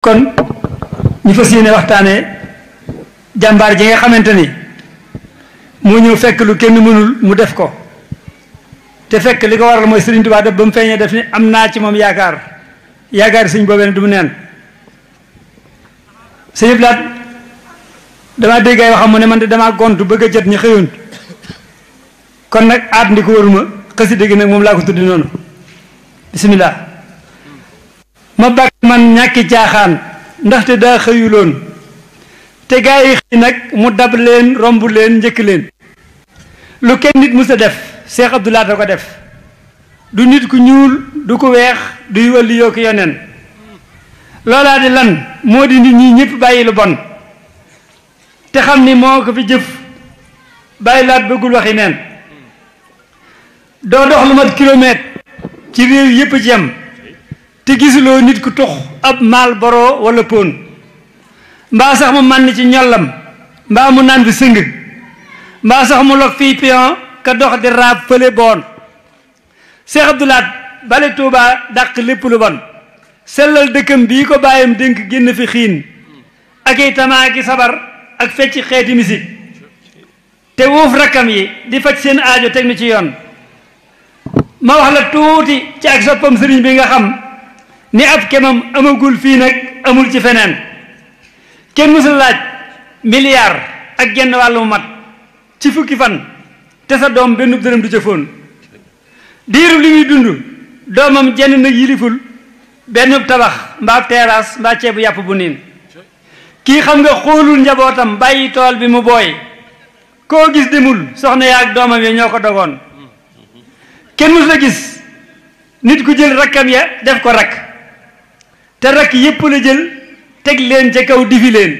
kon ñu fas yéene jambar jambar ji nga xamanteni mo ñu fekk lu kenn mënul mu def ko te fekk li ko waral moy Serigne Touba def bam mu def ni amna ci mom yaakar yaakar serigne bobé du mënen serigne blad dama déggay waxam mo ne man dama gontu bëgg a ñi xëyoon kon nak aat ndi ko waruma xasi dégg nak mom la ko tuddi non bismillah ma man ñàkk jaaxaan ndaxte daa xëyuloon te gaa xëy nag mu dab leen romb leen njëkk leen lu kenn nit musa def Cheikh Abdou Lahad ko def du nit ku ñuul du ko weex duy wàllu yoo ko yoneen loolaa di lan moo di nit ñi ñëpp bàyyi lu bon te xam ni moo ko fi jëf bàyyi laat bëggul waxi neen doo dox lu mat kilomètre ci réew yëpp ci di gisuloo nit ku tux ab maal boro wala pon mbaa sax mu mànn ci ñollam mbaa mu naan fi sëng mbaa sax mu log fii pion ka dox di raab fële boon Cheikh Abdoulaat bale Touba dàq lépp lu bon sellal dëkkam bii ko bàyyam dénk génn fi xiin ak i tamaa sabar ak fecc xeeti misik te wuuf rakkam yi di faj seen aajo teg nu ci yoon ma wax la tuuti ci ak soppam sëriñ bi nga xam ni ab kemam amagul fii nag amul ci feneen kenn mësul laaj milliard ak genn wàllu mat ci fukki fan te sa doom benn dërëm du ca fóon diiru li muy dund doomam jenn nag yiliful benn tabax mbaa teeraas mbaa ceebu yàpp bu niin kii xam nga xoolul njabootam bàyyi tool bi mu booy koo gis demul soxna yaa ak doomam ya ñoo ko dogoon kenn mësul gis nit ku jël rakkam ya def ko rakk te rakk yépp la jël teg leen ca kaw difi leen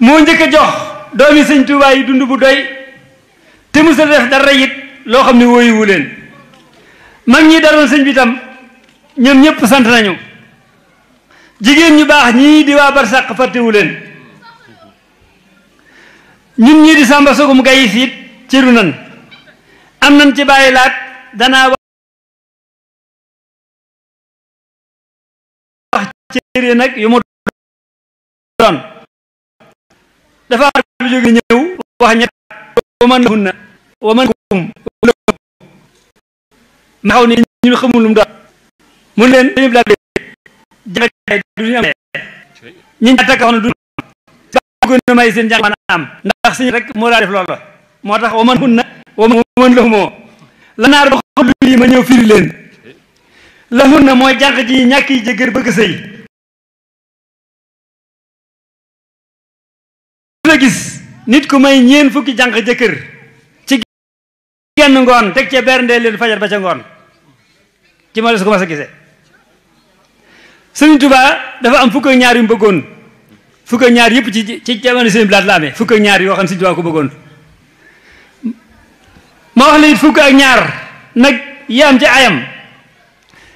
moo njëkk a jox doomi sëñ Tuubaa yi dund bu doy te musul def dara it loo xam ne wóoyuwu leen mag ñi daroon sëñ bi tam ñoom ñëpp sant nañu jigéen ñu baax ñi di waa barsàq fàttewu leen ñun ñi di sàmba sogum gayis it ciru nan am nan ci bàyyi laat danaa téere nag yu mu doon dafa bi jóge ñëw wax ñett waman hunna waman kum ma xaw ne ñu xamul lu mu doon mun leen dañu la jàngale du ñu am ñi takk wax na du gën a may seen def loolu moo tax waman hunna waman lahumoo la naar ba xam lu yi ma ñëw firi leen lahunna mooy jànq ji ñàkk yi jëkkër bëgg sëy gis nit ku may ñeen fukki jànq jëkkër ci genn ngoon teg cee berndee leen fajar ba ca ngoon ci ma su ko mas a gisee Sëriñ Tuubaa dafa am fukk ak ñaar yu mu fukk ak ñaar yëpp ci ci jamono seen bilaat ñaar yoo xam Sëriñ Tuubaa ko bëggoon ma wax la fukk ak ñaar nag yi ci ayam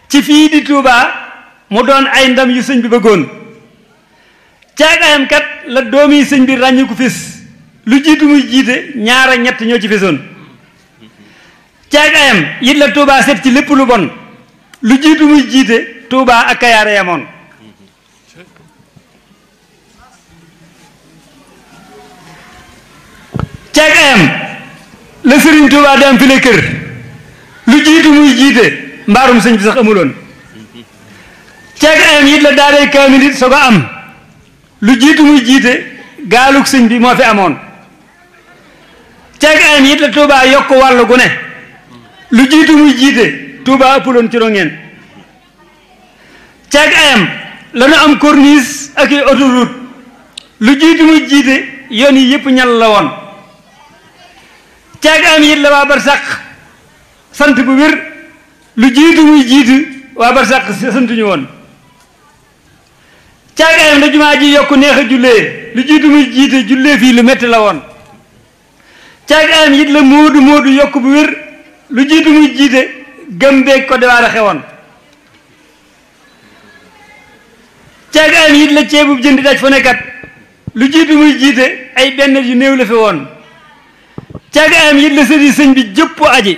ci fii di Tuubaa mu doon ay ndam yu sëñ bi bëggoon caagaayam kat la doom yi bi ràññiku fis lu jiitu muy jiite ñaara ñett ñoo ci fisoon caagaayam it la Touba set ci lépp lu bon lu jiitu muy jiite Touba ak Kayaar yamoon caagaayam la sëriñ Touba di am file kër lu jiitu jiite mbaarum sëñ bi sax amuloon caagaayam it la daaray kaamil it soo ko am lu jiitu muy jiite gaalug sëñ bi moo fi amoon ceeg ayam it la Touba yokk wàllu gu ne lu jiitu muy jiite Touba ëppaloon ci rongeen ceeg ayam lanu am korniis ak i autoroute lu jiitu muy jiite yoon yi yëpp ñal la woon ceeg ayam it la waa barsàq sant bu wér lu jiitu muy jiitu waa barsàq sant ñu woon caagaayam la jumaa ji yokku neex a jullee lu jiitu muy jiite jullee fii lu métti la woon caagaayam it la moodu moodu yokku bu wér lu jiitu muy jiite gëm beeg ko dewaar a xewoon caagaayam it la ceebub jënd daj fu nekkat lu jiitu muy jiite ay benn yu néew la fi woon caagaayam it la sëri sëñ bi jëpp aji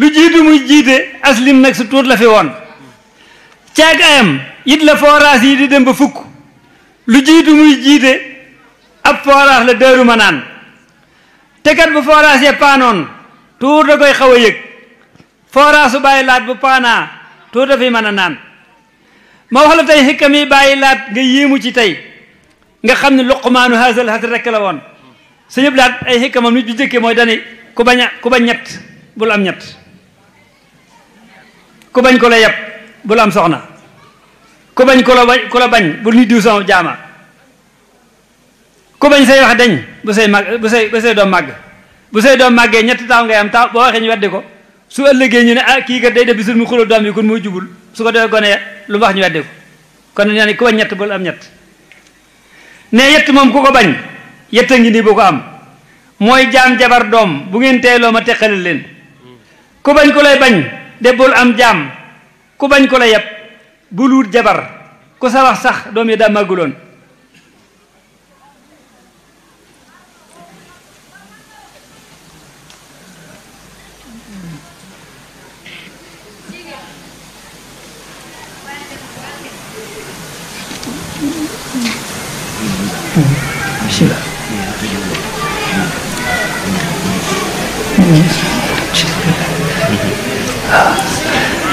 lu jiitu muy jiite aslim nag su tuut la fi woon caag ayam it la forage yi di dem ba fukk lu jiitu muy jiite ab forage la dëru ma naan te kat bu forage yee paanoon tuur da koy xaw a yëg forage su bàyyi laat bu paanaa tuur dafay mën a naan ma wax tey xikam yi bàyyi laat nga yéemu ci tey nga xam ne luqmaanu haasal haas rek la woon suñu laat ay xikamam nit bi jëkkee mooy dani ku bañ ku bañ ñett bul am ñett ku ko la yàpp bul am soxna ko bañ ko la bañ ku la bañ bu ni diw sama jaama ko bañ say wax dañ bu say mag bu say bu say do mag bu say do magge ñet taw ngay am taw bo waxe ñu weddi ko su ëllëgee ñu ne ah ki ga day def bisul mu xuloo doom yi kon moo jubul su ko defee gone ya, lu wax ñu weddi ko kon nee ko ñet bu am ñet ne yett mom ku ko bañ yett ngi ni bu ko am moy jam jabar dom bu ngeen teeloo ma teqalil leen ko bañ ko lay bañ debul am jam ku bañ ko la yeb bu jabar ku sa wax sax doom yi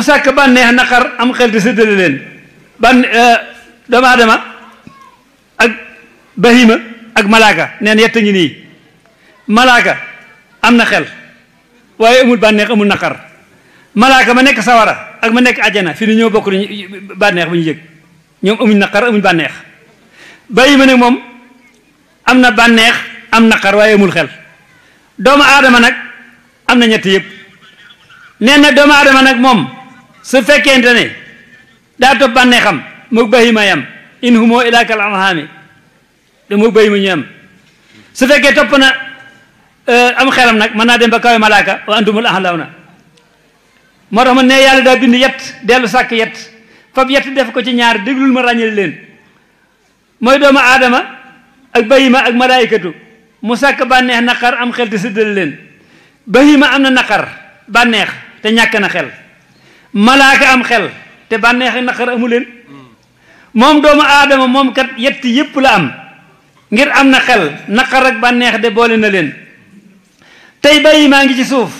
ka ban neex nakar am xel di seddel len ban dama dama ak bahima ak malaka neen yett ñi ni malaka am xel waye amul neex amul nakar malaka ma nek sawara ak ma nek ajana fi ni ñoo bokk ban neex bu ñu ñom ñoom amuñ naqar amuñ neex bahima ne mom am nakar neex am nakar waye amul xel doomu aadama nak am na ñett yëpp nee doma doomu aadama mom? su fekkente ne daa topp bànnee xam moog bahima yam in humoo ilaa kal anhaami bahima ñu yam su fekkee topp na eh, am xelam nag mën naa dem ba kawe malaaka wa antumul ahlaw na moo tax man ne yàlla daa bind yett dellu sàkk yett fab yett def ko ci ñaar déglul ma ràññale leen mooy doomu aadama ak bahima ak malaayikatu mu sàkk bànneex naqar am xel te séddale leen bahima am na naqar bànneex te ñàkk na xel malaaka am xel te bànneexi naqar amu leen moom doomu aadama moom kat yetti yépp la am ngir am na xel naqar ak bànneex de boole na leen tey bàyyi maa ngi ci suuf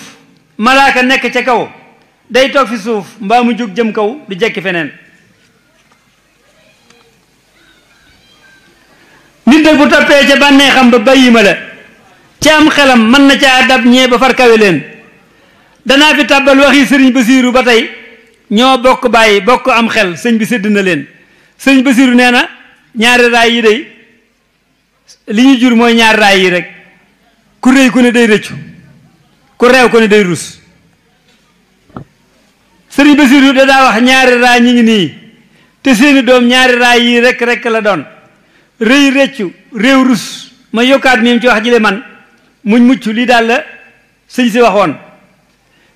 malaaka nekk ca kaw day toog fi suuf mbaa mu jóg jëm kaw du jekki feneen nit da bu toppee ca bànneexam ba bàyyi ma la ca am xelam mën na caa dab ñee ba far kawe leen danaa fi tàbbal waxi sëriñ Basiiru ba tey ñoo bokk bàyyi bokk am xel sëñ bi sédd na leen sëñ Basiru nee na ñaari raay yi day li ñu jur mooy ñaari raay yi rek ku rëy ku ne day rëccu ku reew ku ne day rus sëriñ Basiru da daa wax ñaari raay ñi ngi nii te seeni doom ñaari raay yi rek rek la doon rëy rëccu réew rus ma yokkaat miim ci wax ji man muñ mucc lii daal la sëñ si waxoon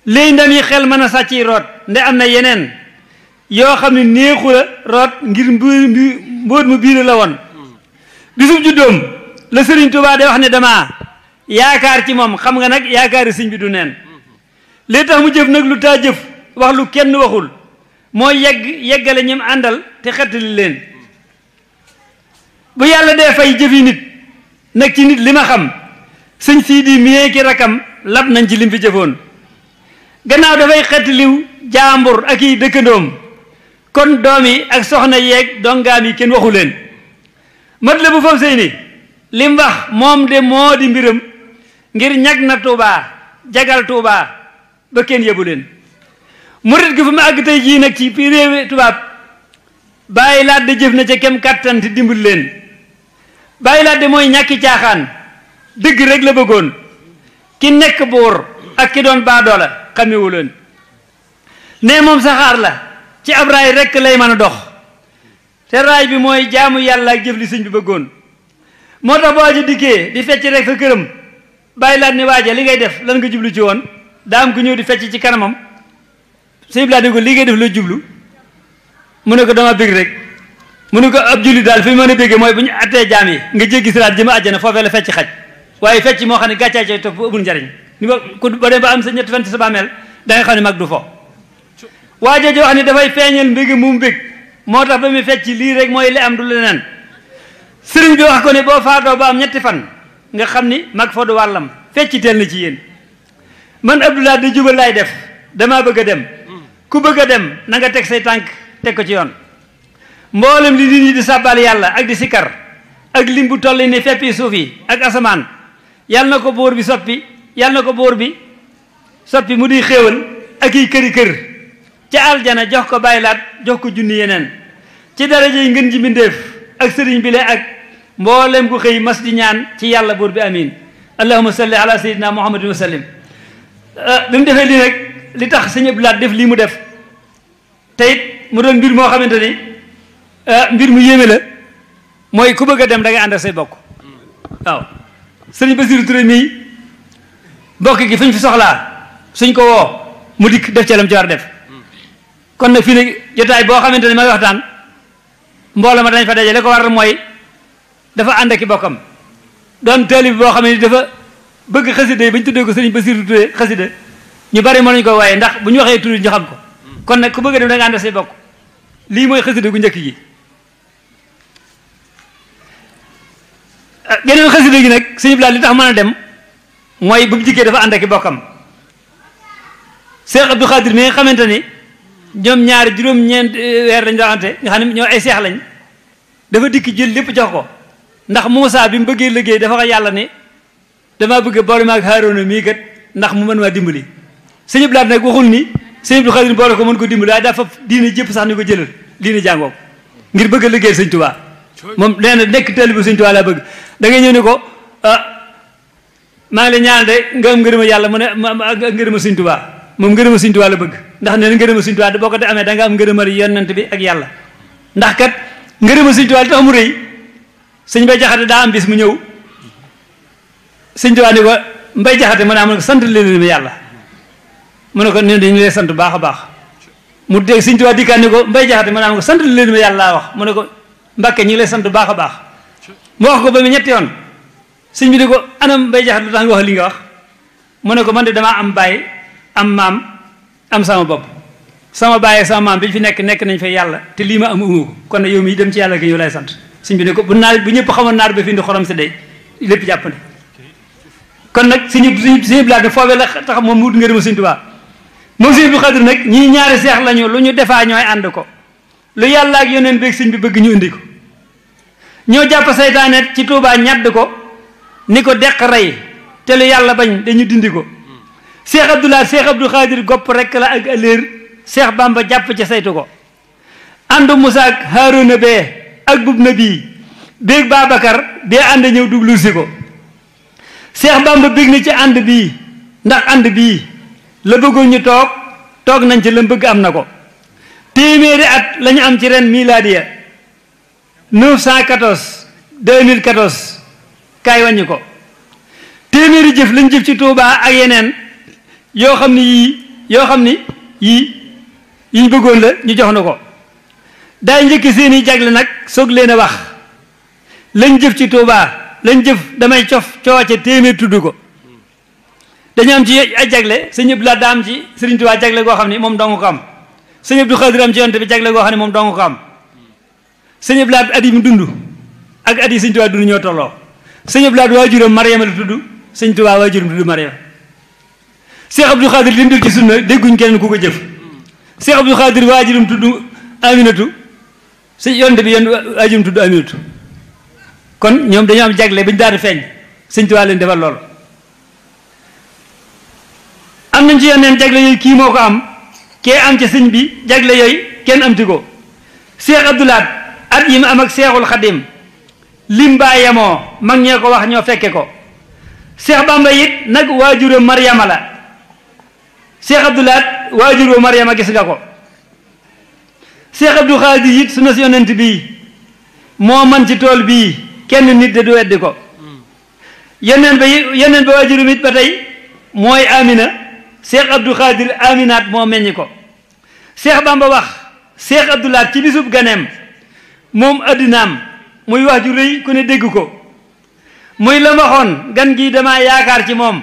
léegi ndam yi xel mën a sàcc yi root nde am na yeneen yoo xam ne néexu la root ngir mbóot mu biir la woon bisub juddoom la sëriñ Tuubaa de wax ne dama yaakaar ci moom xam nga nag yaakaari sëñ bi du neen li tax mu jëf nag lu taa jëf wax lu kenn waxul moo yegg yeggale ñim àndal te xettali leen bu yàlla dee fay jëfi nit nag ci nit lima ma xam sëñ sii di miyee ki lab nañ ci lim fi jëfoon gannaaw dafay xettaliw jaambur ak i dëkkandoom kon doom yi ak soxna yeeg dongaam yi kenn waxu leen mat la bu fam sëy ni li mu moom de moo di mbiram ngir ñag na tuubaa jagal tuubaa ba kenn yebu leen murit gi fu mu àgg tey jii nag ci réew tubaab bàyyi laat de jëf na ca kem kàttan te dimbal leen bàyyi laat de mooy ñàkki caaxaan dëgg rek la bëggoon ki nekk buur ak ki doon baadoola xamewu leen ne moom saxaar la ci ab raay rek lay mën a dox te raay bi mooy jaamu yàlla ak jëf li sëñ bi bëggoon moo tax boo ci dikkee di fecc rek sa këram bàyyi laat ni waaja li ngay def lan nga jublu ci woon daa am ku ñëw di fecc ci kanamam sëñ bi laa ne ko li ngay def la jublu mu ne ko dama bég rek mu ne ko ab julli daal fi mën a béggee mooy bu ñu attee jaam yi nga jéggi siraat jëm àjjana foofee la fecc xaj waaye fecc moo xam ne gàccaay cay topp bu amul njariñ ni ba ku ba dem ba am sa ñetti fan ci sa bàmmeel da nga xam ne mag du waja jo xam da fay feñal mbégi mum beg moo tax ba fecc li rek moy li am du lenen serigne bi wax ko ne boo faatoo ba am ñetti fan nga xamni ni mag fa du fecc tel na ci yeen man abdullah di juba lay def dama bëgg dem ku bëgg dem na nga tek say tank tek ko ci yoon mbolam li nit ñi di sabbal yalla ak di sikar ak limbu tolli ni ak asaman yalla nako ko bi soppi yalla nako bor bi soppi mu di ak yi ci aljana jox ko laat jox ko junni yeneen ci daraja yi ngën ji mbindéef ak sëriñ bi le ak mboolem ku xëy mas di ñaan ci yàlla buur bi amin allahuma salli ala sayidina muhammadin wa sallim ah, bi mu defee li tax sëñ Abdu def lii mu def te it mbir moo xamante ni ah, mbir mu yéeme la mooy ku bëgg a dem da ngay ànd ak say bokk waaw mii bokk gi fuñ fi soxlaa suñ ko woo mu dikk def ci lam ci def kon nag fii ne jotaay boo xamante ne may waxtaan mbooloo ma dañ fa daje li ko waral mooy dafa ànd ak i bokkam doon taalib boo xam ne dafa bëgg xasida yi ba ñu tuddee ko sëriñ Basiru tuddee xasida ñu bari mënuñu ko waaye ndax bu ñu waxee tudd ñu ko kon nag ku bëgg dem da lii mooy xasida njëkk gi ah, geneen xasida gi nag sëñ Bilal li tax mën a dem mooy bu mu jikkee dafa ànd ak i bokkam Cheikh Abdou Khadir mi nga xamante ni ñoom ñaari juróom-ñeent eh, weer lañ daaxante nga xam ne ñoo ay seex lañ dafa dikk jël lépp jox ko ndax Moussa bi mu bëggee liggéey dafa ko yàlla ni damaa bëgg boole maag Haaruna mii kat ndax mu mën maa dimbali sëñ bi laat ni sëñ bi xarit boole ko mën ko dimbali waaye dafa diine jëpp sax ni ko jëlal diine jàngoo ngir bëgg a liggéeyal sëñ Tuubaa moom nee na nekk taalibu sëñ Tuubaa laa bëgg dangay ñëw ne ko ah, maa ngi lay ñaan de nga am ma yàlla mu ne ma ngërëma sëñ moom ngërëma seigne touba la bëgg ndax nee na ngërëma suñ tuwaa boo ko de da nga am ngërëmal yonent bi ak yalla ndax kat ngërëma suñ tuwaa li tax mu reuy seigne bay jaxate da am bis mu ñew seigne touba ni ko mbay jaxate mu ne am sant leen yàlla mu ne ko ne dañu lay sant baaxa baax mu dégg seigne touba dikkaat ni ko mbay jaxate mu ne am sant leen ma yalla wax mu ne ko mbàkke ñi lay sant baaxa baax mu wax ko ba mi ñetti yoon seigne bi ni ko anam mbay jaxate da nga wax li nga wax mu ne ko man de dama am baye am maam am sama bopp sama bàyyi sama maam bi fi nekk nekk nañ fa yàlla te lii ma am umu ko kon yow mi dem ci yàlla gi yow lay sant suñ bi ne ko bu naar bu ñëpp xamoon naar ba fi indi xorom si day lépp jàppandi kon nag suñu suñu suñu blaat ne foofee la tax moom mu ngërëmu suñ tubaab moom suñu bu xadir nag ñii ñaari seex lañu lu ñu defaa ñooy ànd ko lu yàlla ak yoneen beeg suñ bi bëgg ñu indi ko ñoo jàpp saytaane ci tuubaa ñadd ko ni ko deq rey te lu yàlla bañ dañu dindi ko Cheikh Abdoulaye Cheikh Abdou Khadir gopp rek la ak ëllëer Cheikh Bamba jàpp ca saytu ko ànd Moussa ak Haaruna bee ak bub na bii béeg Babacar bee ànd ñëw duglu ko Cheikh Bamba bég na ci ànd bii ndax ànd bii la bëggoon ñu toog toog nañ ci la bëgg am na ko téeméeri at lañu am ci ren miladiya 914 2014 kaay wàññi ko téeméeri jëf lañ jëf ci Touba ak yeneen yoo xam ni yii yoo xam ni yii yiñ bëggoon la ñu jox na ko daay njëkk seeni jagle nag soog leen a wax lañ jëf ci Tuubaa lañ jëf damay cof cooce téeméer tudd ko dañu am ci ay jagle sëñ Abdu Lahat daa am ci Sëriñ Tuubaa jagle goo xam ni moom dong am sëñ Abdu Xaadir am ci bi jagle goo xam ni moom dong am sëñ Abdu Lahat at yi mu dund ak at yi sëñ Tuubaa dund ñoo tolloo sëñ Abdu Lahat waajuram Mariama la tudd sëñ Tuubaa waajuram tudd Mariama Cheikh Abdou Khadir li mu def ci sunna dégguñ kenn ku ko jëf Cheikh Abdou Khadir waajuram tudd Aminatu si yonte bi yon waajuram tudd Aminatu kon ñoom dañoo am jagle ba ñu daal di feeñ sëñ Tuubaa leen defal loolu am nañ ci yeneen jagle yooyu kii moo ko am kee am ca sëñ bi jagle yooyu kenn amti ko Cheikh Abdoulaat at yi mu am ak Cheikhul Khadim lim baa yemoo mag ñee ko wax ñoo fekke ko Cheikh Bamba it nag waajuram Mariama la cheikh abdoulaat waajur wa mariama gis nga ko cheikh abdou xaadir it su na si yonent bii moo man ci tool bii kenn nit de du weddi ko yeneen ba waajurum it ba tey mooy amina cheikh abdou xaadir aminaat moo meññi ko cheikh bamba wax cheikh abdoulaat ci bisub ganeem moom addinaam muy wax ju rëy ku ne dégg ko muy la waxoon gan gi dama yaakaar ci moom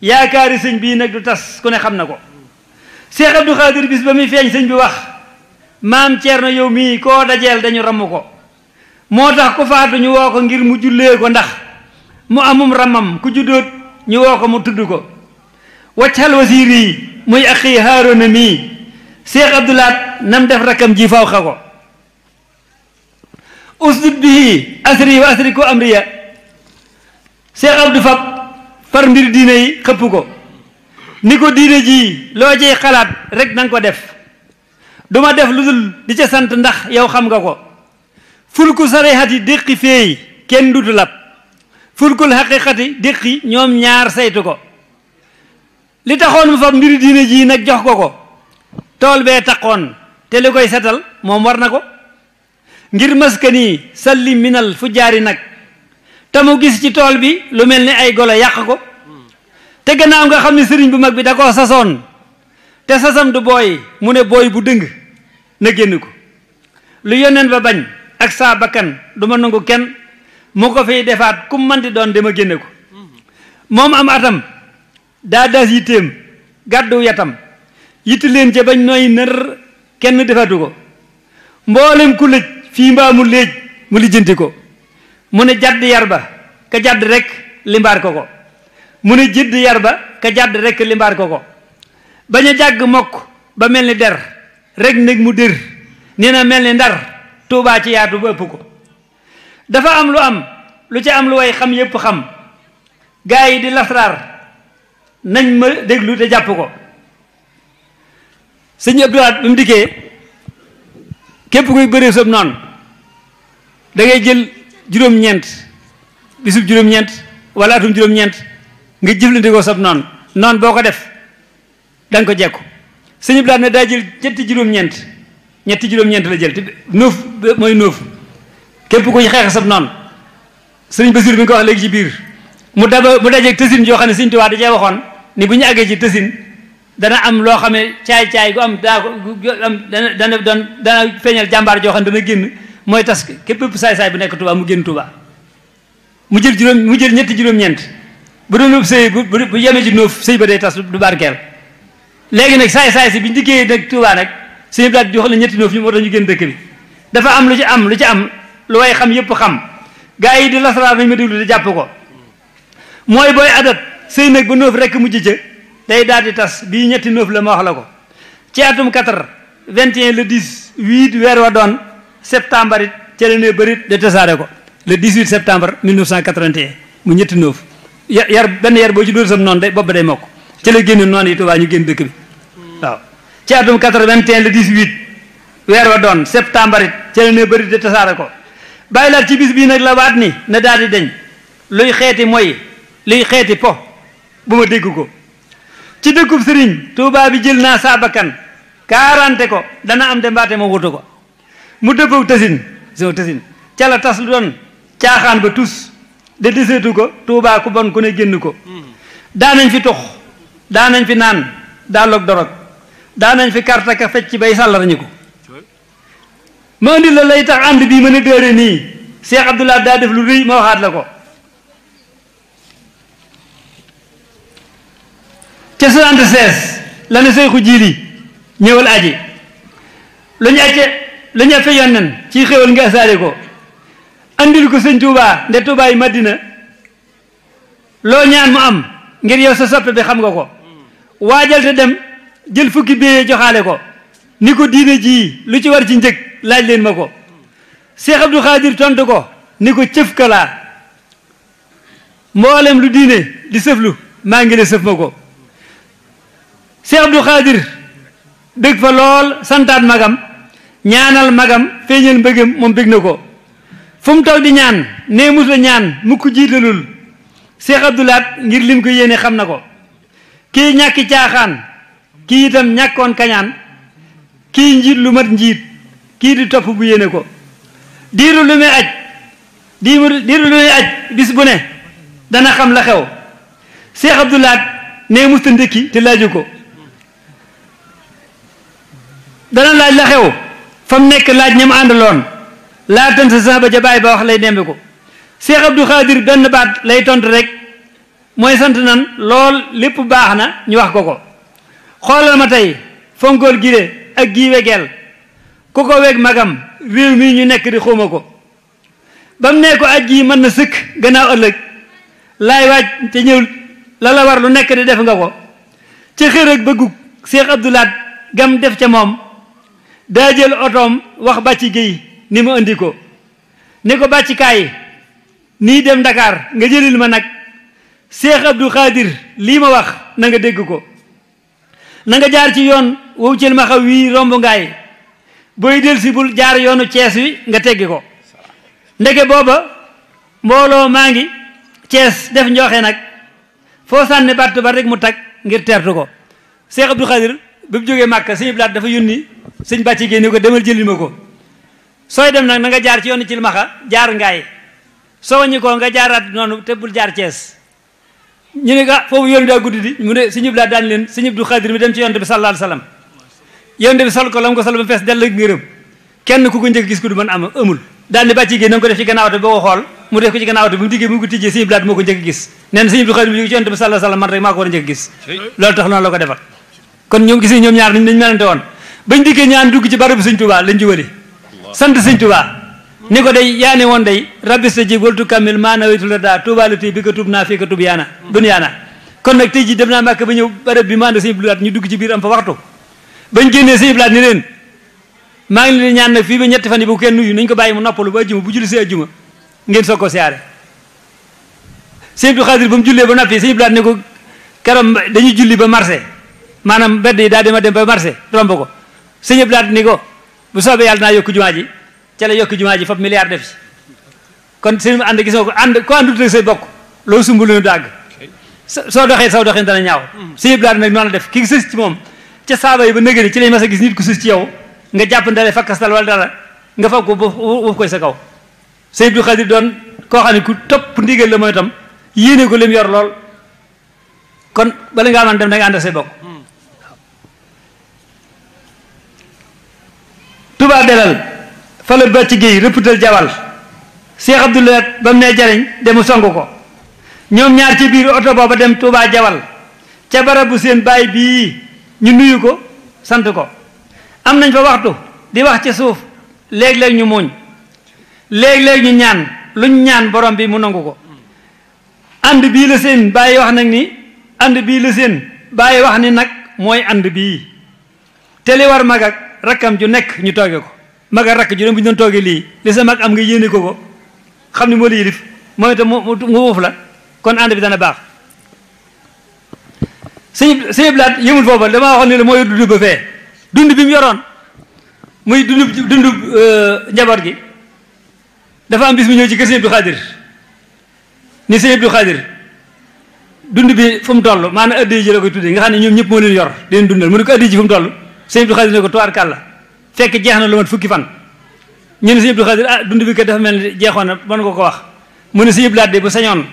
yaakaari sëñ bii nag du tas ku ne xam na ko Cheikh Abdou Khadir bis ba muy feeñ sëñ bi wax maam Thierno yow mii koo dajeel dañu ramm ko moo tax ku faatu ñu woo ko ngir mu jullee ko ndax mu amum ramam ku juddóot ñu woo ko mu tudd ko waccal wasiir yi muy mii Cheikh Abdoulaat nam def rakkam ji faw xa ko usdud bihi asri wa asri ko amriya Cheikh Abdou Fab far mbir diine yi xëpp ko ni ko diine ji loo ciy xalaat rek na ko def du def lu dul di ca sant ndax yow xam nga ko fulku sarexati déqi feey kenn dutu lab fulkul xaqiqati déqi ñoom ñaar saytu ko li taxoon mu fab mbiri diine ji nag jox ko ko tool bee taxoon te koy setal moom war na ko ngir maskani salli minal fu jaari nag te mu gis ci tool bi lu mel ni ay golo yàq ko te gannaaw nga xam ne sëriñ bu mag bi da koo sasoon te sasam du booy mu ne booy bu dëng na génn ko lu yoneen ba bañ ak saa bakkan du nangu kenn mu ko fiy defaat kum man di doon dama génne ko moom am atam daa das yitteem gàddu yatam yitti leen ca bañ nooy nër kenn defatu ko mboolem ku lëj fii mbaa mu léej mu lijjanti ko mu ne jàdd yar ba ka jàdd rek limbaar ko ko mu ne jidd yar ba ka jàdd rek limbaar ko ko bañ a jàgg mokk ba mel ni der rek nég mu dër nee na mel ni ndar tuubaa ci yaatu ba ëpp ko dafa am lu am lu ci am lu way xam yépp xam gaa yi di lasraar nañ ma déglu te jàpp ko sëñ Abdou Lahad bi mu dikkee képp kuy bëri sëb noonu da jël juróom-ñeent bisub juróom-ñeent wala atum juróom-ñeent nga jëflante ko sab noonu noonu boo ko def da nga ko jekku sëñ bi ne daa jël ñetti juróom-ñeent ñetti juróom-ñeent la jël te nuuf mooy nuuf képp ku ñu xeex sab noonu sëñ Basiir bi nga ko wax léegi ci biir mu daba mu dajeeg tësin yoo xam ne sëñ Tuubaa da cee waxoon ni bu ñu àggee ci tësin dana am loo xam ne caay-caay gu am daa ko am dana doon dana feeñal jàmbaar joo xam ne dana génn mooy tas képp képp saay-saay bu nekk Touba mu génn Touba mu jël juróom mu jël ñetti juróom-ñeent bu doon sëy bu bu yemee ci noof sëy ba dee tas du barkeel léegi nag saay-saay si bi ñu dikkee nag Touba nag sëñ bi jox la ñetti noof ñu moo ñu génn dëkk bi dafa am lu ci am lu ci am lu way xam yëpp xam gaa yi di lasaraar nañ ma déglu jàpp ko mooy booy adat sëy nag ba noof rek mujj ca day daal di tas bii ñetti noof la ma wax la ko ci atum 4 21 le 10 8 weer wa doon septembre it ca la nee bërit de tasaare ko le 18 septembre 1981 mu ñetti noof yar benn yar boo ci dóor sam noon day bopp day mokk ca la génne noonu yi Tuubaa ñu génn dëkk bi waaw ci atum weer wa doon septembre it ca de tasaare ko bàyyi laat ci bis bii nag la waat ni na daal di deñ luy xeeti mooy luy xeeti po bu ma dégg ko ci dëkkub sëriñ Tuubaa bi jël naa saaba kan kaarante ko dana am de mbaate ma wutu ko mu dëppoog tasin so tasin ca la tas lu doon caaxaan ba tus de deseetu ko tuubaa bon ku ne génn ko daanañ fi tux daanañ fi naan daaloog dorog daanañ fi kartaka fecc bay sàllarañu ko ma indi la lay tax ànd bii ma a dëre nii Cheikh Abdoulaye daa def lu rëy ma waxaat la ko ca 76 la ne Seexu Jiili ñëwal aji lu ñu acce la ña fa yonnen ci xéwal nga asaale ko andil ko sëñ Touba nde Touba yi Madina loo ñaan mu am ngir yow sa soppe bi xam nga ko waajal te dem jël fukki béyee joxaale ko ni ko diine ji lu ci war ci njëg laaj leen ma ko Cheikh Abdou Khadir tontu ko ni ko cëf kalaa mboolem lu diine di sëflu maa ngi la sëf ma ko Cheikh Abdou Khadir dëgg fa lool santaat magam ñaanal magam feeñal mbëggam moom bég na ko fu mu toog di ñaan nee mus la ñaan mukk jiitalul Cheikh Abdoulaat ngir lim ko yéene xam na ko kii ñàkki caaxaan kii itam ñàkkoon kañaan kii njiit lu mat njiit kii di topp bu yéene ko diiru lu muy aj diiru lu muy aj bis bu ne dana xam la xew Cheikh Abdoulaat nee musta ndékki te laaju ko dana laaj la xew fa mu nekk laaj ñam àndaloon laa tën sa sax ba ja bàyyi ba wax lay dembe ko Cheikh Abdou benn baat lay tontu rek mooy sant nan lool lépp baax na ñu wax ko ko xoolal ma tey fonkool gile ak gii wegeel ku ko weg magam réew mii ñu nekk di xuuma ko ba mu ne ko aj gii mën na sëkk gannaaw ëllëg laay waaj te ñëw la la war lu nekk di def nga ko ca xër ak bëggug laat Abdoulaat gam def ca moom daa jël otoom wax bàcci géy ni mu andi ko ne ko bàcci kaay ni dem ndakaar nga jëlil ma nag Seex Abdu Xaadir lii ma wax na nga dégg ko na nga jaar ci yoon wow cël ma xaw wii romb ngaay booy del si bul jaar yoonu Cees wi nga teggi ko ndeke booba mbooloo maa ngi Cees def njooxe nag foo sànni bàtt ba rek mu tag ngir teertu ko Seex Abdu Xaadir bi mu jógee Màkka Sëñ Blaat dafa yónni sëñ bàcci génne ko demal jeli mako soy dem nak nga jaar ci yoni yoonu cilmaxa jaar ngaay soo wàññi ko nga jaarat nonu te bul jaar ties ñu ne ga ah, fofu yoni da guddidi mu ne sëñ bi laa len leen sëñ khadir mi dem ci yoni bi sallallahu alaihi wasallam yoni bi sol ko lam ko sol ba fees dell ak ngërëm kenn ku ko ñeek gis ku du man am amul dal ni bàcci génne na ko def ci gannaaw te boo xool mu def ko ci gannaaw te bu digge bu mu ko tije sëñ bi laa moo ko njëkk gis neen na sëñ khadir mi ci yoni bi sallallahu alaihi wasallam man rek mako wara ñeek gis lol tax noonu la ko defal kon ñoom gis ñoom ñaar nañ nañ melante won bañ dikkee ñaan dugg ci barabu sëñ tubaa lañ ci wëli sant sëñ tubaa ni ko day yaane woon day rabbi sa jib waltu kamil maanawaytu la daa tuubaa la tey bi ka tuub naa fii ka tuub yaana dun kon nag tey ji dem naa màkk ba ñëw barab bi maanda sëñ blaat ñu dugg ci biir am fa waxtu bañ génnee sëñ blaat ni maa ngi leen ñaan nag fii ba ñetti fan yi bu kenn nuyu nañ ko bàyyi mu nopp noppalu ba ajuma bu julli see ajuma ngeen soog ko siyaare sëñ Abdou Xaadir ba mu jullee ba noppi sëñ blaat ne ko keroom dañuy julli ba marché maanaam bedd yi daa dema dem ba marché romb ko sëñ Abdoulaye ni ko bu soobee yàlla naa yokk jumaa ji ca yokk jumaa ji fab milliard def kon sëñ ànd gis nga ko ànd ko àndut ak say bokk loolu sumb lu soo doxee saw doxee dana ñaaw hmm. sëñ Abdoulaye nag noonu def ki sës ci moom ca saaba yi ba nëgëri ci lañ mas a gis nit ku sës ci yow nga jàpp ndale fakkastal wala dara nga fab ko wuf koy sa kaw sëñ Abdou Khadir doon koo xam ne ku topp ndigal la mooy tam yéene ko lim yor lool kon bala ngaa mën dem da nga ànd ak say bokk Touba delal fa la ci geey reputal jawal cheikh abdoulaye bam ne jariñ demu songu ko ñom ñaar ci biir auto bobu dem Touba jawal ca barabu seen bay bi ñu nuyu ko sant ko am nañ fa waxtu di wax ci suuf leg leg ñu muñ leg leg ñu ñaan luñ ñaan borom bi mu nangu ko and bi le seen bay wax nak ni and bi le seen bay wax ni nak moy and bi te li war magak rakam ju nek ñu toge ko maga rak ju ne bu ñu toge li sama ak am nga yene ko ko xamni mo li la mo ta mo wof la kon and bi dana bax sëñ sëñ blad yemul fofu dama waxone le la dundu dund fe fee bi mu yoron muy dundu dundu euh, njabar gi dafa am bis mu ñew ci kër Abdou Khadir ni sëñ Abdou Khadir dundu bi fu mu toll maanaam addi ji la koy tuddee nga xam ñom ñep mo moo leen yor den dundal mu ko addi ji fu mu toll sëñ Abdou Khadir ne ko tuwaar kàlla fekk jeex na lu mat fukki fan ñu ne sëñ Abdou Khadir ah dund bi kat dafa mel ni na mën nga ko wax mu ne sëñ Abdou Lahat de bu sañoon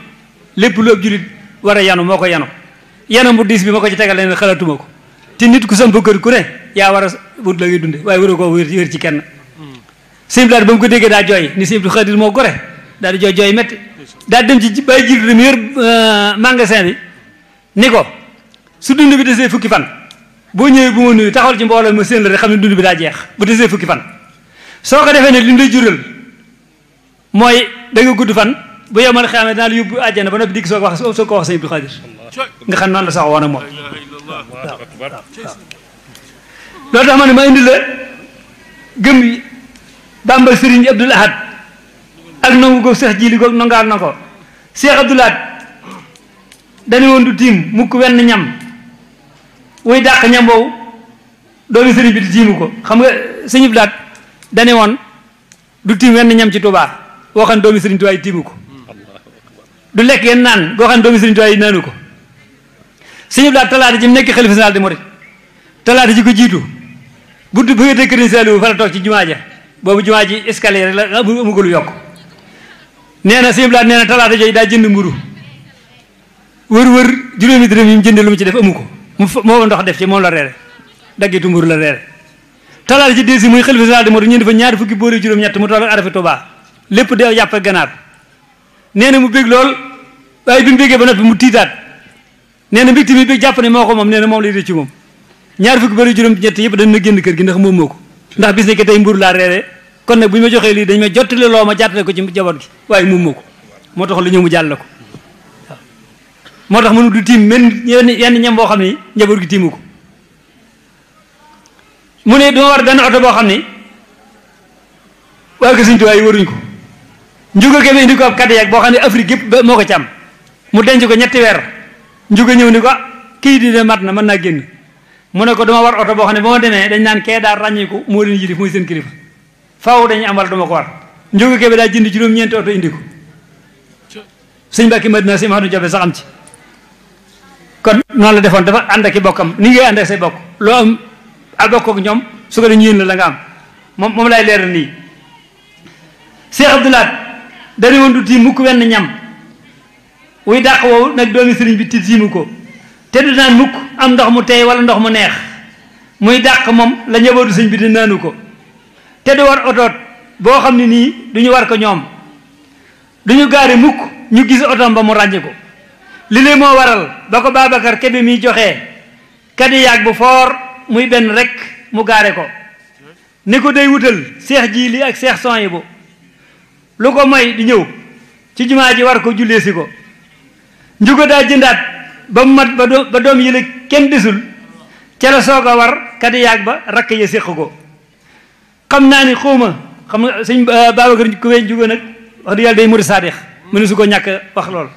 lépp lu ab julit war a yanu moo ko yanu yanu bu diis bi ma ko ci tegal leen xalaatuma ko te nit ku samp kër ku ne yaa war a la ngay dunde waaye waroo koo wér ci kenn sëñ Abdou Lahat ba mu ko déggee daa jooy ni sëñ Abdou Khadir moo gore daa di jooy jooy métti daa dem ci bàyyi jiitu mi yor euh, magasin bi ni ko su dund bi de see fukki fan boo ñëwee bu ma nuyu taxawal ci mbooloo ma seen la rek xam ne dund bi daa jeex bu desee fukki fan soo ko defee ne li mu lay jural mooy da gudd fan bu yemal xeame dinaa la yóbbu àjjana ba noppi dikk soo ko wax soo ko wax sëñ Abdou Khadir xam noonu la sax woon ak moom waaw waaw loolu tax ma ne ma indi la gëm bàmbal sëriñ Abdul Ahad ak na ko seex Abdul Ahad woon du tiim mukk wenn ñam wuy daax ñam boobu doomi sëriñ bi di tiimu ko xam nga sëñu daat dane woon du tiim wenn ñam ci tubaa woo xam doomi sëriñ Tuubaa yi tiimu ko du lekk yenn naan goo xam doomi sëriñ Tuubaa yi naanu ko sëñu daat talaata ji mu nekk xalifa général di murit talaata ji ko jiitu bunt bu wéetee këriñ Saliou fa la toog ci jumaa ja boobu jumaa ji escalier rek la yokk nee na sëñu daat nee na talaata jooju daa jënd mburu wër wër juróomi dërëm yi mu jënd mu ci def amu ko mu moo ndox def ci moom la reere daggitu mburu la reere talaal ci desi muy xel xalifa général de Mouride ñu fa ñaari fukki boori juróom-ñett mu toll arafi Tuubaa lépp de yàpp ak ganaar na mu bég lool waaye bi mu bégee ba noppi mu tiitaat nee na mbégte mi bég jàpp ne moo ko moom nee na moom la dee ci moom ñaari fukki boori juróom-ñett yëpp dañ na génn kër gi ndax moom moo ko ndax bis ne que tey mburu laa reere kon nag bu ñu ma joxee lii dañ ma jottali loo ma jàttale ko ci jaboot gi waaye moom moo ko moo tax lu ñëw mu jàll ko motax mënu du tim men yenn ñam bo xamni ni gi timuko ko do war ben auto bo xamni ni waa ko suñ tuwaay waruñ ko njuga ke indi ko ab kaddu yàgg boo xam Afrique yëpp moko ko ci am mu denj ko ñetti wer njuga ñew ni ko ki di de man na genn mune ko dama war auto bo xamni bo ba dañ nan ke daal ràññiku mo leen yidi moy seen kilifa faaw dañ amal dama ko war njuga kebe da jindi juroom ñent auto indi ko sëñ bakki Madina si Mahadou Jabe sax am ci kon noonu la defoon dafa ànd ak i bokkam ni ngay ànd ak say bokk loo am a bokk ñoom su ko ñu yéen la la am moom moom lay leeral nii Cheikh Abdoulaat dañu woon du tiim mukk wenn ñam wuy dàq wow nag doomi sëriñ bi ti tiimu ko te du naan mukk am ndox mu tey wala ndox mu neex muy dàq moom la njabootu sëñ bi di naanu ko te du war otoot boo xam ne nii duñu war ko ñoom duñu gaari mukk ñu gis otoom ba mu ràññi ko li lee moo waral ba ko Babacar Kebe miy joxee Cadillac bu foor muy benn rek mu gaare ko ni ko day wutal seex ji li ak seex son yi bu lu ko moy di ñëw ci jumaa ji war ko jullee si ko njugo daa jëndaat ba mu mat ba doom yi la kenn desul ca la soog a war Cadillac ba rakk ya séq ko xam naa ni xawma xam nga sëñ euh, Babacar Kebe njugo nag wax dëgg yàlla day murid saadix mu su ko ñàkk wax lool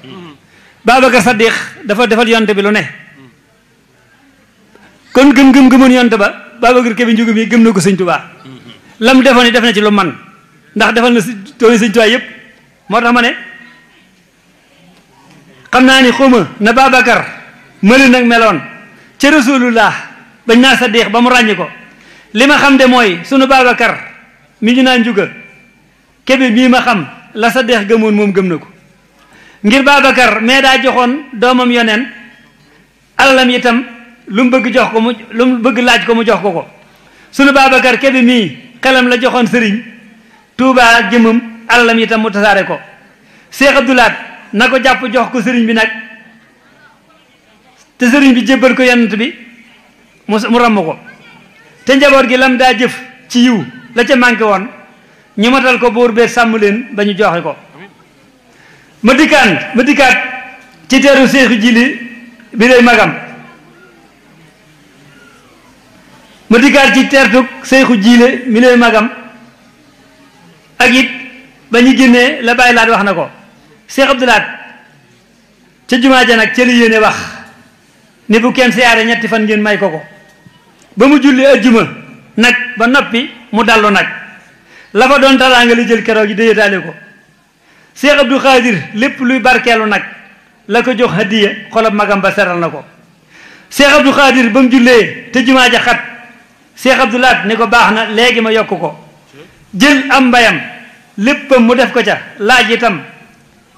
Babacar Saddiq dafa defal yonte bi lu ne kon gëm gëm gëmoon yonte ba Babacar Kébé Ndiouga mi gëm na ko sëñ Tuubaa lam defoon ni def na ci lu man ndax defal na dooni sëñ Tuubaa yëpp moo tax ma ne xam naa ni xuma na Babacar mëli nag meloon ca rasulullah bañ naa Saddiq ba mu ràññ ko li ma xam de mooy sunu Babacar mi ñu naa Ndiouga Kébé mii ma xam la Saddiq gëmoon moom gëm na ko ngir Babacar mais daa joxoon doomam yoneen alalam itam lu mu bëgg jox ko mu lu mu bëgg laaj ko mu jox ko ko sunu Babacar kebe mii xelam la joxoon sëriñ Touba jëmam alalam yitam mu tasaare ko Cheikh Abdoulaat na ko jàpp jox ko sëriñ bi nag te sëriñ bi jébbal ko yonent bi mu mu ramm ko te njaboot gi lam daa jëf ci yiw la ca manqué woon ñu matal ko buur bee sàmm leen ba ñu joxe ko ma dikkaan ma dikkaat ci teeru seexu jili bi day magam ma dikkaat ci teertug seexu jiile mi lay magam ak it ba ñu génnee la bàyyi laat wax na ko seex abdulaat ca jumaa ja nag ca li yéene wax ni bu kenn siyaare ñetti fan ngeen may ko ko ba mu julli ajjuma nag ba noppi mu dallu nag la fa doon taraanga li jël keroog yi daale ko Cheikh Abdou Khadir lépp luy barkeelu nag la ko jox hadiya xolab magam ba seral na ko Cheikh Abdou Khadir ba mu jullee te jumaa ja xat Cheikh Abdou Laat ni ko baax na léegi ma yokk ko jël am mbayam léppam mu def ko ca laaj itam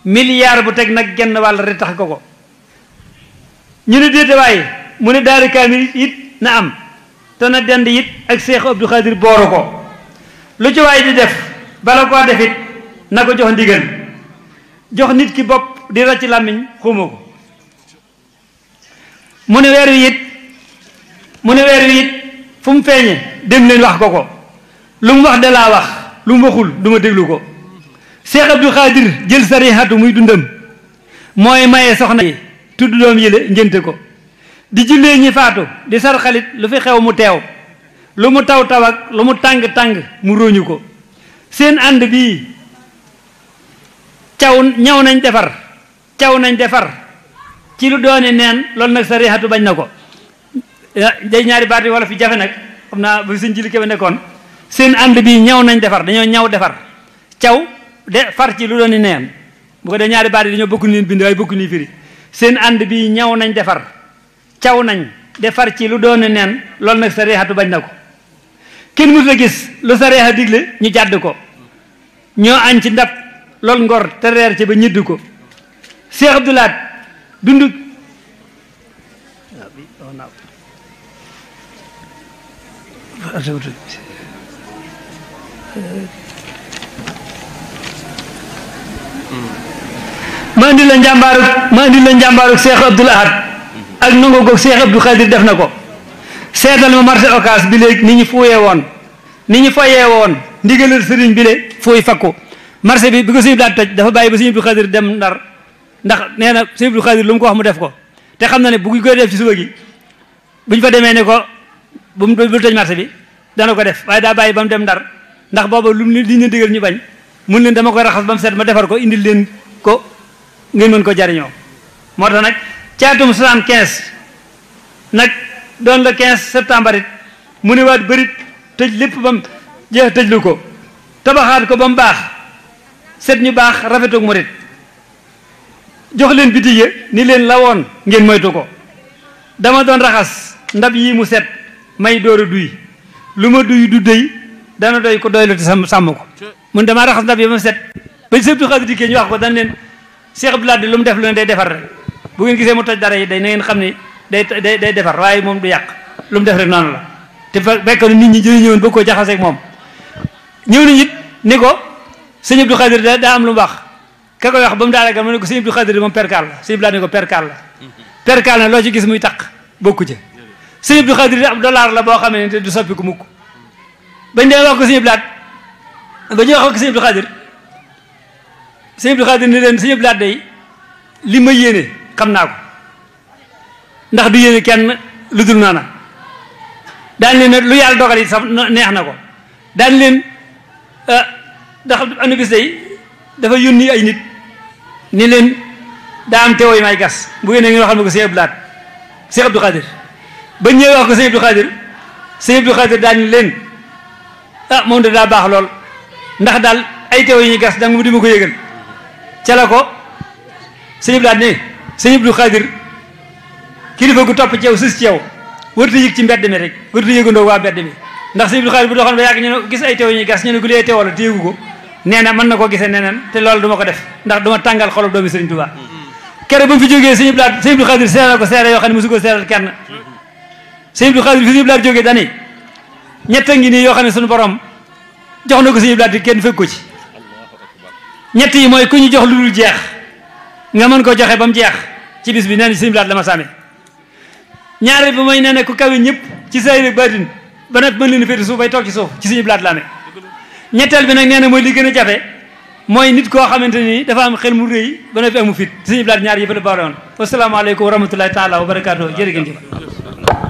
milliard bu teg nag genn wàll rek tax ko ko ñu ne déete mu ne daari kaamil it na am te na dend it ak Cheikh Abdou Khadir booru ko lu ci waay di def bala koo def na ko jox ndigal jox nit ki bopp di ràcc làmmiñ xuuma ko mu ne weer wi it mu ne weer wi it fu mu feeñee dem leen wax ko ko lu mu wax da laa wax lu mu waxul du déglu ko Cheikh Abdou Khadir jël sarihatu muy dundam mooy maye soxna yi tudd doom yële ngénte ko di jullee ñi faatu di sarxalit lu fi xew mu teew lu mu taw taw ak lu mu tàng-tàng mu róoñu ko seen ànd bii caw ñaw nañ defar caw nañ defar ci lu doone neen loolu nag sa réexatu bañ na ko day ñaari baat yi wala fi jafe nag xam naa ci li kébe nekkoon seen ànd bi ñaw nañ defar dañoo ñaw defar caw de far ci lu doone neen bu ñaari baat yi dañoo bokku nii bind waaye bokku nii firi seen ànd bi ñaw nañ defar caw nañ defar ci lu doone neen loolu nag sa réexatu bañ na ko kenn mësu la gis lu sa reexa digle ñu jàdd ko ñoo añ ci ndab lool ngor te reer ci ba ñiddu ko Cheikh Abdou Lahad dund ma indi la njàmbaarug ma indi la njàmbaarug Cheikh Abdou Lahad ak nangu goog Cheikh Abdou def na ko seetal ma marché occas bi léegi ni ñu fuyee woon ni ñu fayee woon ndigalal sëriñ bi le fuuy fakku marché bi bi ko sëñ bi toj dafa bàyyi ba sëñ Abdou Khadir dem ndar ndax nee na sëñ Abdou Khadir lu mu ko wax mu def ko te xam na ne bu koy def ci suba gi buñ fa demee ne ko bu mu toj marché bi dana ko def waaye daa bàyyi ba dem ndar ndax booba lu li ñu leen digal ñu bañ mun leen dama koy raxas ba mu ma defar ko indil leen ko ngeen mën ko jariñoo moo tax nag caatum 75 nag doon la 15 septembre it mu ne waat bërit tëj lépp ba mu jeex tëj lu ko tabaxaat ko ba mu baax set ñu baax rafetoog murit jox leen bitige ni leen lawoon ngeen moytu ko dama doon raxas ndab yii mu set may door a duy lu ma duy du dëy dana doy ko doylu te sàmm ko mun damaa raxas ndab yi ma set bañ sëb du xaas dikkee ñu wax ko dana leen Cheikh Abdou Lahad lu mu def lu ne day defar rek bu ngeen gisee mu toj dara yi day na ngeen xam ni day day day defar waaye moom du yàq lu mu def rek noonu la te fekk na nit ñi jëriñëwoon ba koo jaxaseeg moom ñëw nañ ni ko sëñ Abdou Khadir da daa am lu mu wax ka koy wax ba mu daanaka mu ne ko sëñ Abdou Khadir moom perkaal la sëñ Abdou la perkaal na loo ci gis muy taq bokku ci sëñ Abdou Khadir ab dollar la boo xam ne du soppi ku mukk bañ dee wax ko sëñ Abdou ba ñu wax ko sëñ Abdou Khadir sëñ Abdou Khadir ni leen sëñ Abdou day li ma yéene xam naa ko ndax du yéene kenn lu dul naa leen lu yàlla dogal yi neex na ko daan leen euh, ndax am na bis day dafa yónni ay nit ni leen daa am yi may gas bu ngeen ne ngeen waxal ma ko sëñ Abdou Lahat sëñ Abdou Khadir ba ñëwee wax ko sëñ Abdou Khadir sëñ Abdou daañu leen ah moom de daa baax lool ndax daal ay teewoo yi ñuy gas danga mu di ko yëgal ca la ko sëñ Abdou Lahat ne sëñ Abdou Khadir kilifa gu topp ci yow sus ci yow a yëg ci mbedd mi rek warut a yëgandoo waa mbedd mi ndax sëñ Abdou Khadir bu doxoon ba yàgg ñu ne gis ay teewoo yi ñuy gas ñu ne gu lee teewoo la téyegu ko nee na mën na koo gisee neneen te loolu du ko def ndax du ma tàngal xolu doomi Sëriñ Tuubaa kere ba mu fi jógee sëñ Abdou Lahad sëñ Abdou Khadir seeral yoo xam ne mosu ko seeral kenn sëñ Abdou Khadir fi sëñ Abdou Lahad jógee dani ñett a ngi nii yoo xam ne suñu borom jox na ko sëñ Abdou kenn fekk ko ci ñetti yi mooy ku ñu jox lu dul jeex nga mën ko joxe ba mu jeex ci bis bi nee na sëñ Abdou la ma sàmmee ñaareel bi mooy nee na ku kawe ñëpp ci saa yu baatin ba nag mën leen a féete suuf bay toog ci suuf ci sëñ Abdou Lahad ñettal bi nak neena moy li gëna jafe moy nit ko xamanteni dafa am xel mu reuy ba na fi amu fit seigne blad ñaar yëpp la baroon wasalaamaaleykum wa rahmatulahi taala wa barakaatu jërë jëf